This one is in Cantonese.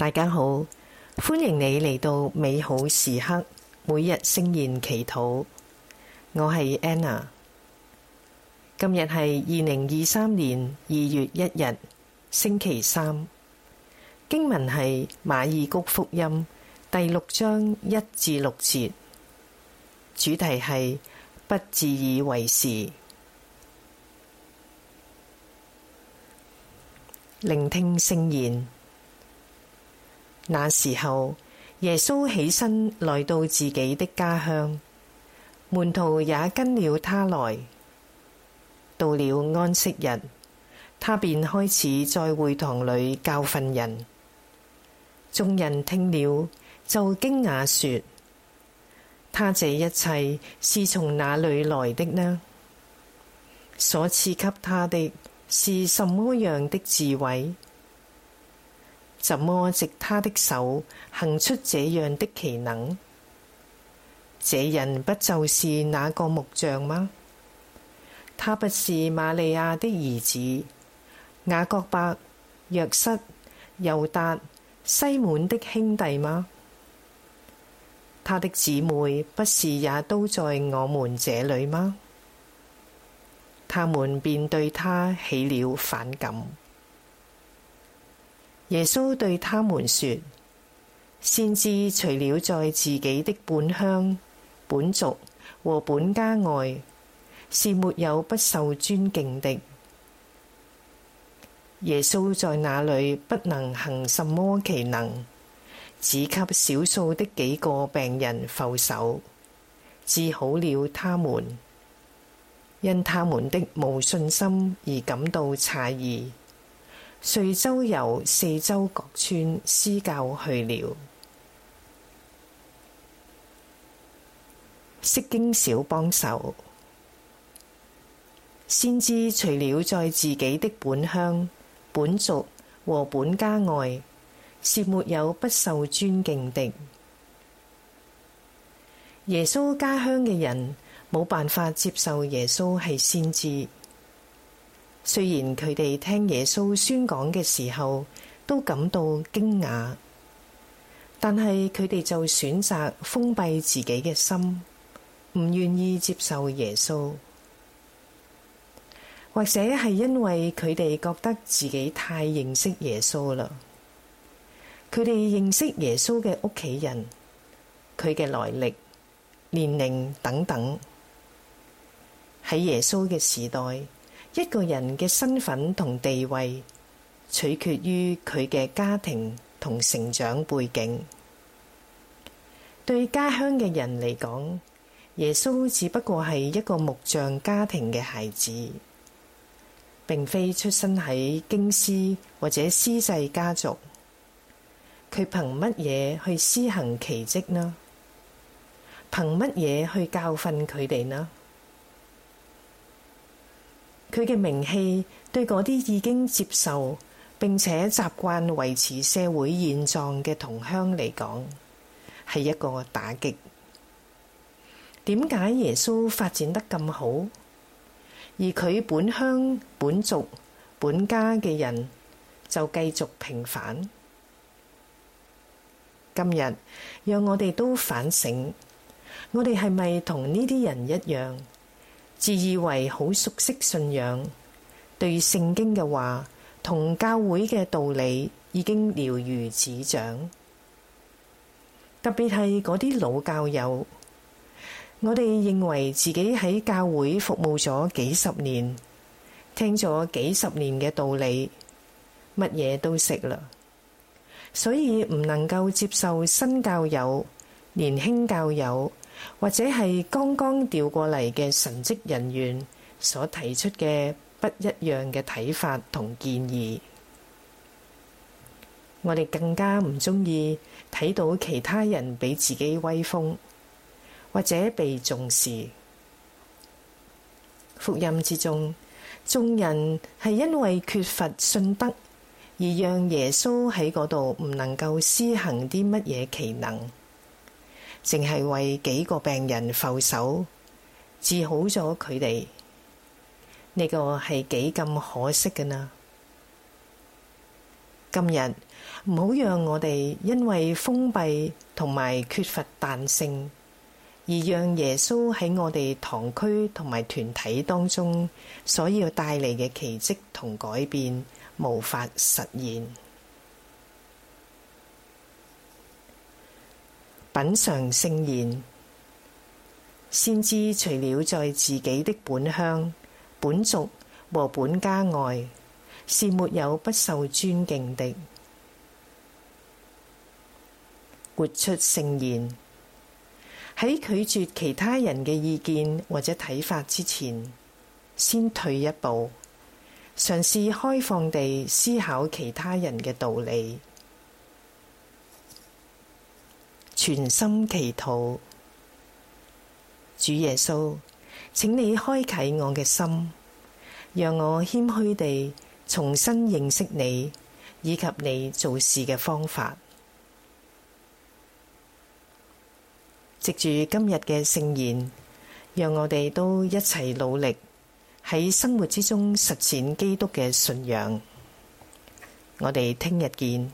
大家好，歡迎你嚟到美好時刻，每日聖言祈禱。我係 Anna，今日係二零二三年二月一日星期三，經文係馬爾谷福音第六章一至六節，主題係不自以為是，聆聽聖言。那時候，耶穌起身來到自己的家鄉，門徒也跟了他來。到了安息日，他便開始在會堂裏教訓人。眾人聽了就驚訝說：他這一切是從哪裏來的呢？所賜給他的是什麼樣的智慧？怎麼藉他的手行出這樣的奇能？這人不就是那個木匠嗎？他不是瑪利亞的兒子，雅各伯、若瑟、猶達、西滿的兄弟嗎？他的姊妹不是也都在我們這裏嗎？他們便對他起了反感。耶穌對他們説：先知除了在自己的本鄉、本族和本家外，是沒有不受尊敬的。耶穌在那裏不能行什麼奇能，只給少數的幾個病人覆手，治好了他們，因他們的無信心而感到詫異。遂周遊四周各村施教去了。釋經小幫手，先知除了在自己的本鄉、本族和本家外，是沒有不受尊敬的。耶穌家鄉嘅人冇辦法接受耶穌係先知。雖然佢哋聽耶穌宣講嘅時候都感到驚訝，但係佢哋就選擇封閉自己嘅心，唔願意接受耶穌，或者係因為佢哋覺得自己太認識耶穌啦。佢哋認識耶穌嘅屋企人，佢嘅來歷、年齡等等，喺耶穌嘅時代，一個人嘅身份同地位，取決於佢嘅家庭同成長背景。對家鄉嘅人嚟講，耶穌只不過係一個木匠家庭嘅孩子，並非出身喺經師或者司祭家族。佢憑乜嘢去施行奇跡呢？憑乜嘢去教訓佢哋呢？佢嘅名氣對嗰啲已經接受並且習慣維持社會現狀嘅同鄉嚟講，係一個打擊。點解耶穌發展得咁好，而佢本鄉本族本家嘅人就繼續平凡？今日，讓我哋都反省，我哋係咪同呢啲人一樣？自以為好熟悉信仰，對聖經嘅話同教會嘅道理已經了如指掌。特別係嗰啲老教友，我哋認為自己喺教會服務咗幾十年，聽咗幾十年嘅道理，乜嘢都識啦，所以唔能夠接受新教友、年輕教友，或者係剛剛調過嚟嘅神職人員所提出嘅不一樣嘅睇法同建議，我哋更加唔中意睇到其他人比自己威風或者被重視。福音之中，眾人係因為缺乏信德，而讓耶穌喺嗰度唔能夠施行啲乜嘢奇能。淨係為幾個病人覆手，治好咗佢哋，呢個係幾咁可惜嘅呢？今日唔好讓我哋因為封閉同埋缺乏彈性，而讓耶穌喺我哋堂區同埋團體當中所要帶嚟嘅奇跡同改變，無法實現。品嚐聖言，先知除了在自己的本鄉、本族和本家外，是沒有不受尊敬的。活出聖言，喺拒絕其他人嘅意見或者睇法之前，先退一步，嘗試開放地思考其他人嘅道理。全心祈禱，主耶穌，請你開啟我嘅心，讓我謙虛地重新認識你以及你做事嘅方法。藉住今日嘅聖言，讓我哋都一齊努力喺生活之中實踐基督嘅信仰。我哋聽日見。